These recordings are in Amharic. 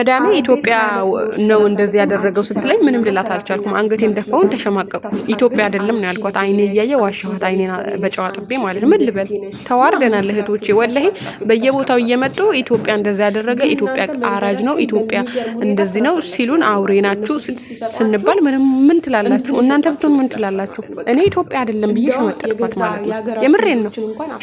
መዳሜ ኢትዮጵያ ነው እንደዚህ ያደረገው ስትለኝ ምንም ልላት አልቻልኩም። አንገቴን ደፋውን ተሸማቀቅኩ። ኢትዮጵያ አይደለም ነው ያልኳት። አይኔ እያየ ዋሸኋት። አይኔን በጨዋ ጥቤ ማለት ምን ልበል? ተዋርደናል እህቶቼ። ወላሂ በየቦታው እየመጡ ኢትዮጵያ እንደዚህ ያደረገ ኢትዮጵያ አራጅ ነው፣ ኢትዮጵያ እንደዚህ ነው ሲሉን አውሬ ናችሁ ስንባል ምንም ምን ትላላችሁ እናንተ ብትሆን ምን ትላላችሁ? እኔ ኢትዮጵያ አይደለም ብዬ ሸመጠጥኳት ማለት ነው። የምሬን ነው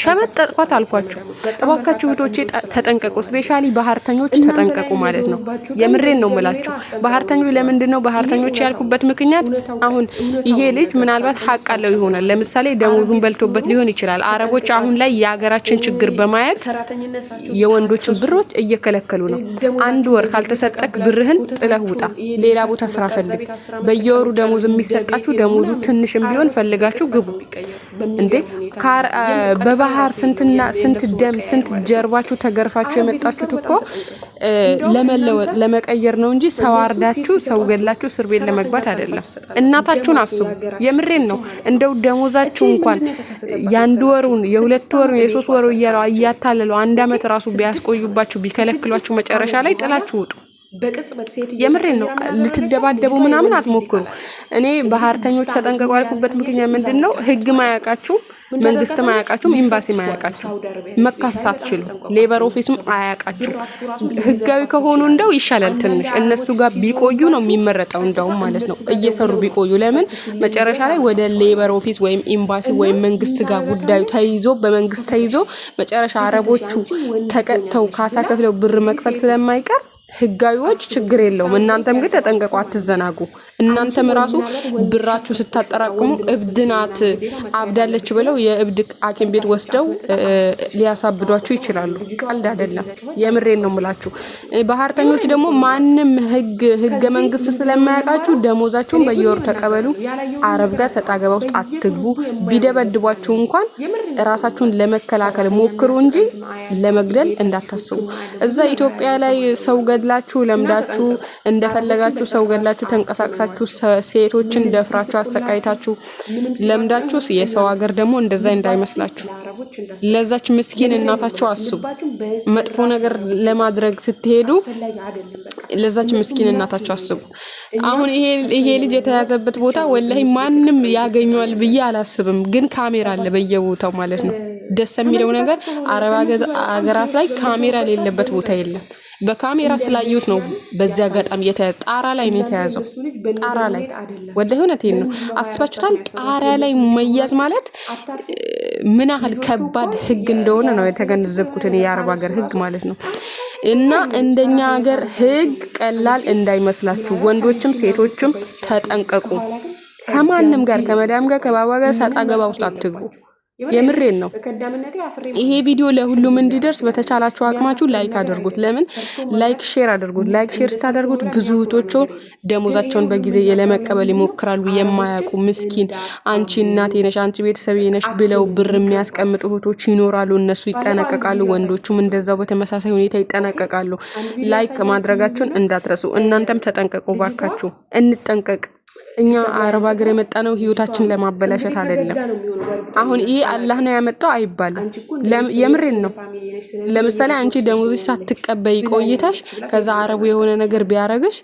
ሸመጠጥኳት አልኳችሁ። እባካችሁ እህቶቼ ተጠንቀቁ፣ ስፔሻሊ ባህርተኞች ተጠንቀቁ ማለት ነው። የምሬን ነው ምላችሁ። ባህርተኞች ለምንድን ነው ባህርተኞች ያልኩበት ምክንያት አሁን ይሄ ልጅ ምናልባት ሀቅ አለው ይሆናል። ለምሳሌ ደሞዙን በልቶበት ሊሆን ይችላል። አረቦች አሁን ላይ የሀገራችን ችግር በማየት የወንዶችን ብሮች እየከለከሉ ነው። አንድ ወር ካልተሰጠክ ብርህን ጥለህ ውጣ፣ ሌላ ቦታ ስራ ፈልግ። በየወሩ ደሞዝ የሚሰጣችሁ ደሞዙ ትንሽም ቢሆን ፈልጋችሁ ግቡ። እንዴ በባህር ስንትና ስንት ደም ስንት ጀርባችሁ ተገርፋችሁ የመጣችሁት እኮ ለመለው ለመቀየር ነው እንጂ ሰው አርዳችሁ ሰው ገላችሁ እስር ቤት ለመግባት አይደለም። እናታችሁን አስቡ። የምሬን ነው። እንደው ደሞዛችሁ እንኳን የአንድ ወሩን የሁለት ወሩን የሶስት ወሩ እያለው እያታለለው አንድ አመት ራሱ ቢያስቆዩባችሁ ቢከለክሏችሁ መጨረሻ ላይ ጥላችሁ ውጡ። የምሬን ነው። ልትደባደቡ ምናምን አትሞክሩ። እኔ ባህርተኞች ተጠንቀቁ ያልኩበት ምክንያት ምንድን ነው? ህግ አያውቃችሁም፣ መንግስት አያውቃችሁም፣ ኤምባሲም አያውቃችሁም፣ መካሰስ አትችሉ፣ ሌበር ኦፊስም አያውቃችሁም። ህጋዊ ከሆኑ እንደው ይሻላል ትንሽ እነሱ ጋር ቢቆዩ ነው የሚመረጠው፣ እንደውም ማለት ነው እየሰሩ ቢቆዩ። ለምን መጨረሻ ላይ ወደ ሌበር ኦፊስ ወይም ኤምባሲ ወይም መንግስት ጋር ጉዳዩ ተይዞ በመንግስት ተይዞ መጨረሻ አረቦቹ ተቀጥተው ካሳ ከፍለው ብር መክፈል ስለማይቀር ህጋዊዎች ችግር የለውም። እናንተም ግን ተጠንቀቁ፣ አትዘናጉ። እናንተም ራሱ ብራችሁ ስታጠራቅሙ እብድ ናት አብዳለች ብለው የእብድ ሐኪም ቤት ወስደው ሊያሳብዷችሁ ይችላሉ። ቀልድ አይደለም፣ የምሬን ነው ምላችሁ። ባህርተኞች ደግሞ ማንም ህግ ህገ መንግስት ስለማያውቃችሁ ደሞዛችሁን በየወሩ ተቀበሉ። አረብ ጋር ሰጣ ገባ ውስጥ አትግቡ። ቢደበድቧችሁ እንኳን ራሳችሁን ለመከላከል ሞክሩ እንጂ ለመግደል እንዳታስቡ። እዛ ኢትዮጵያ ላይ ሰው ገ ገድላችሁ ለምዳችሁ እንደፈለጋችሁ ሰው ገድላችሁ ተንቀሳቅሳችሁ ሴቶችን ደፍራችሁ አሰቃይታችሁ ለምዳችሁ የሰው ሀገር ደግሞ እንደዛ እንዳይመስላችሁ። ለዛች ምስኪን እናታችሁ አስቡ። መጥፎ ነገር ለማድረግ ስትሄዱ ለዛች ምስኪን እናታችሁ አስቡ። አሁን ይሄ ልጅ የተያዘበት ቦታ ወላሂ ማንም ያገኘዋል ብዬ አላስብም፣ ግን ካሜራ አለ በየቦታው ማለት ነው። ደስ የሚለው ነገር አረብ ሀገራት ላይ ካሜራ የሌለበት ቦታ የለም። በካሜራ ስላዩት ነው። በዚህ አጋጣሚ ጣራ ላይ ነው የተያዘው። ጣራ ላይ ወደ እውነቴን ነው አስባችሁታል። ጣራ ላይ መያዝ ማለት ምን ያህል ከባድ ህግ እንደሆነ ነው የተገነዘብኩት እኔ የአረብ ሀገር ህግ ማለት ነው። እና እንደኛ ሀገር ህግ ቀላል እንዳይመስላችሁ ወንዶችም ሴቶችም ተጠንቀቁ። ከማንም ጋር ከመዳም ጋር ከባባ ጋር ሰጣ ገባ ውስጥ አትግቡ። የምሬን ነው። ይሄ ቪዲዮ ለሁሉም እንዲደርስ በተቻላችሁ አቅማችሁ ላይክ አድርጉት። ለምን ላይክ ሼር አድርጉት። ላይክ ሼር ስታደርጉት ብዙ እህቶች ደሞዛቸውን በጊዜ ለመቀበል ይሞክራሉ። የማያውቁ ምስኪን፣ አንቺ እናቴ ነሽ፣ አንቺ ቤተሰብ ነሽ ብለው ብር የሚያስቀምጡ እህቶች ይኖራሉ። እነሱ ይጠነቀቃሉ። ወንዶቹም እንደዛው በተመሳሳይ ሁኔታ ይጠነቀቃሉ። ላይክ ማድረጋችሁን እንዳትረሱ። እናንተም ተጠንቀቁ ባካችሁ። እንጠንቀቅ። እኛ አረብ ሀገር የመጣ ነው ህይወታችን ለማበላሸት አይደለም። አሁን ይህ አላህ ነው ያመጣው አይባልም። የምሬን ነው። ለምሳሌ አንቺ ደሞዝሽ ሳትቀበይ ቆይታሽ ከዛ አረቡ የሆነ ነገር ቢያረግሽ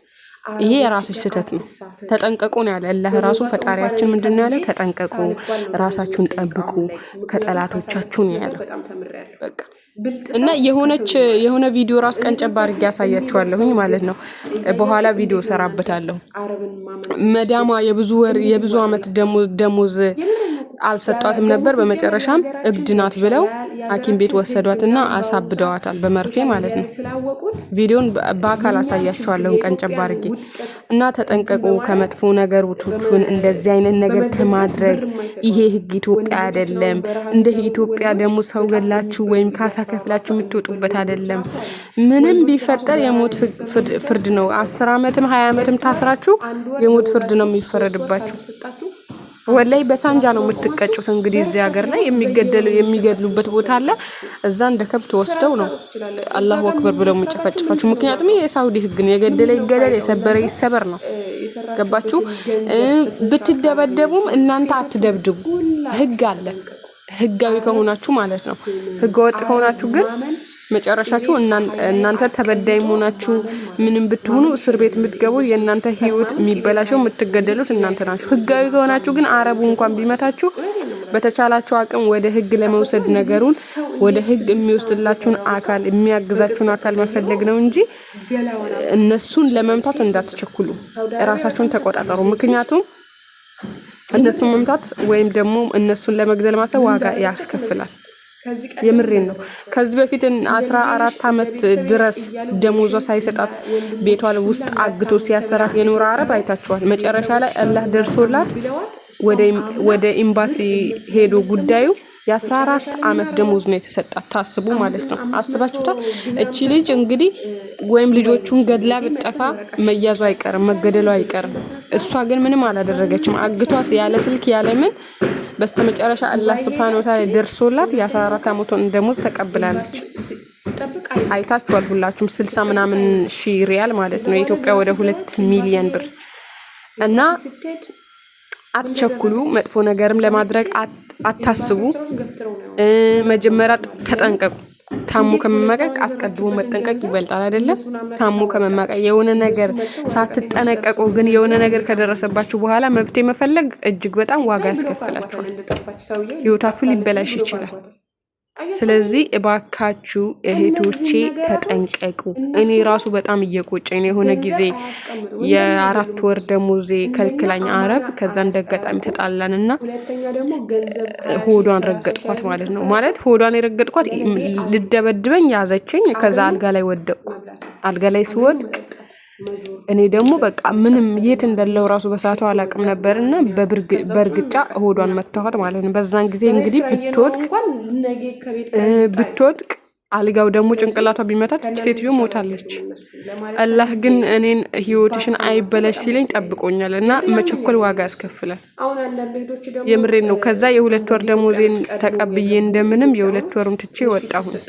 ይሄ የራስሽ ስህተት ነው። ተጠንቀቁ ነው ያለ አላህ ራሱ ፈጣሪያችን። ምንድን ነው ያለ? ተጠንቀቁ፣ ራሳችሁን ጠብቁ ከጠላቶቻችሁ ነው ያለ በቃ እና የሆነች የሆነ ቪዲዮ ራስ ቀንጨብ አድርጌ ያሳያችኋለሁኝ ማለት ነው። በኋላ ቪዲዮ ሰራበታለሁ። መዳሟ የብዙ ወር የብዙ አመት ደሞዝ አልሰጧትም ነበር። በመጨረሻም እብድ ናት ብለው ሐኪም ቤት ወሰዷትና አሳብደዋታል በመርፌ ማለት ነው። ቪዲዮን በአካል አሳያቸዋለሁን ቀንጨብ አድርጌ እና ተጠንቀቁ ከመጥፎ ነገሮችን እንደዚህ አይነት ነገር ከማድረግ ይሄ ህግ ኢትዮጵያ አይደለም። እንደ ኢትዮጵያ ደግሞ ሰው ገላችሁ ወይም ካሳ ከፍላችሁ የምትወጡበት አይደለም። ምንም ቢፈጠር የሞት ፍርድ ነው። አስር ዓመትም ሀያ ዓመትም ታስራችሁ የሞት ፍርድ ነው የሚፈረድባችሁ። ወላይ በሳንጃ ነው የምትቀጩት። እንግዲህ እዚህ ሀገር ላይ የሚገደሉ የሚገድሉበት ቦታ አለ። እዛ እንደ ከብት ወስደው ነው አላሁ አክበር ብለው የሚጨፈጭፋችሁ። ምክንያቱም የሳውዲ ህግ ነው፣ የገደለ ይገደል፣ የሰበረ ይሰበር ነው። ገባችሁ? ብትደበደቡም እናንተ አትደብድቡ። ህግ አለ፣ ህጋዊ ከሆናችሁ ማለት ነው። ህገ ወጥ ከሆናችሁ ግን መጨረሻችሁ እናንተ ተበዳይ መሆናችሁ ምንም ብትሆኑ እስር ቤት የምትገቡ የእናንተ ህይወት የሚበላሸው የምትገደሉት እናንተ ናችሁ። ህጋዊ ከሆናችሁ ግን አረቡ እንኳን ቢመታችሁ በተቻላችሁ አቅም ወደ ህግ ለመውሰድ ነገሩን ወደ ህግ የሚወስድላችሁን አካል የሚያግዛችሁን አካል መፈለግ ነው እንጂ እነሱን ለመምታት እንዳትቸኩሉ፣ እራሳችሁን ተቆጣጠሩ። ምክንያቱም እነሱን መምታት ወይም ደግሞ እነሱን ለመግደል ማሰብ ዋጋ ያስከፍላል። የምሬን ነው። ከዚህ በፊት አስራ አራት አመት ድረስ ደሞዟ ሳይሰጣት ቤቷ ውስጥ አግቶ ሲያሰራት የኖረ አረብ አይታችኋል። መጨረሻ ላይ አላህ ደርሶላት ወደ ኤምባሲ ሄዶ ጉዳዩ የአስራ አራት አመት ደሞዝ ነው የተሰጣት። ታስቡ ማለት ነው። አስባችሁታል። እቺ ልጅ እንግዲህ ወይም ልጆቹን ገድላ ብጠፋ መያዙ አይቀርም፣ መገደሉ አይቀርም። እሷ ግን ምንም አላደረገችም። አግቷት ያለ ስልክ ያለ ምን በስተመጨረሻ አላህ ሱብሃነ ወተዓላ ደርሶላት የ14 ዓመቷን ደሞዝ ተቀብላለች። አይታችኋል ሁላችሁም ስልሳ ምናምን ሺህ ሪያል ማለት ነው የኢትዮጵያ ወደ ሁለት ሚሊየን ብር እና አትቸኩሉ። መጥፎ ነገርም ለማድረግ አታስቡ። መጀመሪያ ተጠንቀቁ። ታሞ ከመማቀቅ አስቀድሞ መጠንቀቅ ይበልጣል፣ አይደለም? ታሞ ከመማቀቅ የሆነ ነገር ሳትጠነቀቁ ግን የሆነ ነገር ከደረሰባችሁ በኋላ መፍትሄ መፈለግ እጅግ በጣም ዋጋ ያስከፍላችኋል። ህይወታችሁ ሊበላሽ ይችላል። ስለዚህ እባካችሁ እህቶቼ ተጠንቀቁ። እኔ ራሱ በጣም እየቆጨኝ ነው። የሆነ ጊዜ የአራት ወር ደሞዜ ከልክላኝ አረብ፣ ከዛ እንደአጋጣሚ ተጣላን እና ሆዷን ረገጥኳት ማለት ነው። ማለት ሆዷን የረገጥኳት ልደበድበኝ ያዘችኝ። ከዛ አልጋ ላይ ወደቅኩ። አልጋ ላይ ስወድቅ እኔ ደግሞ በቃ ምንም የት እንዳለው ራሱ በሰዓቱ አላቅም ነበር እና በእርግጫ ሆዷን መታኋት ማለት ነው። በዛን ጊዜ እንግዲህ ብትወድቅ ብትወድቅ አልጋው ደግሞ ጭንቅላቷ ቢመታት ሴትዮ ሞታለች። አላህ ግን እኔን ህይወትሽን አይበለሽ ሲለኝ ጠብቆኛል እና መቸኮል ዋጋ ያስከፍላል። የምሬን ነው። ከዛ የሁለት ወር ደሞዜን ተቀብዬ እንደምንም የሁለት ወርም ትቼ ወጣሁን።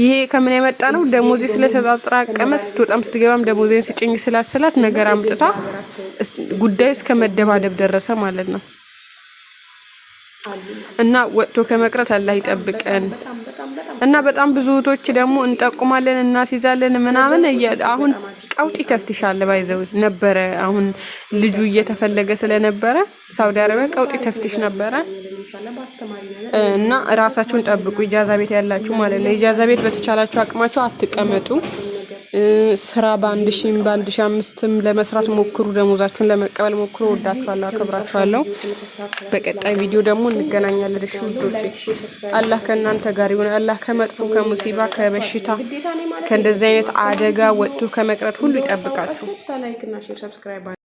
ይሄ ከምን የመጣ ነው? ደሞዜ ስለተጠራቀመ ስትወጣም ስትገባም ደሞዜን ስጭኝ ስላስላት ነገር አምጥታ ጉዳዩ እስከ መደባደብ ደረሰ ማለት ነው። እና ወጥቶ ከመቅረት አላህ ይጠብቀን። እና በጣም ብዙ እህቶች ደግሞ እንጠቁማለን፣ እናስይዛለን ምናምን አሁን ቀውጢ ተፍትሻለ ባይዘው ነበረ። አሁን ልጁ እየተፈለገ ስለነበረ ሳውዲ አረቢያ ቀውጢ ተፍትሽ ነበረ። እና ራሳችሁን ጠብቁ። ኢጃዛ ቤት ያላችሁ ማለት ነው። ኢጃዛ ቤት በተቻላችሁ አቅማችሁ አትቀመጡ። ስራ በአንድ ሺም በአንድ ሺ አምስትም ለመስራት ሞክሩ። ደሞዛችሁን ለመቀበል ሞክሩ። ወዳችኋለሁ፣ አከብራችኋለሁ። በቀጣይ ቪዲዮ ደግሞ እንገናኛለን። እሺ ውዶቼ፣ አላህ ከእናንተ ጋር ይሁን። አላህ ከመጥፎ ከሙሲባ ከበሽታ ከእንደዚህ አይነት አደጋ ወጥቶ ከመቅረት ሁሉ ይጠብቃችሁ።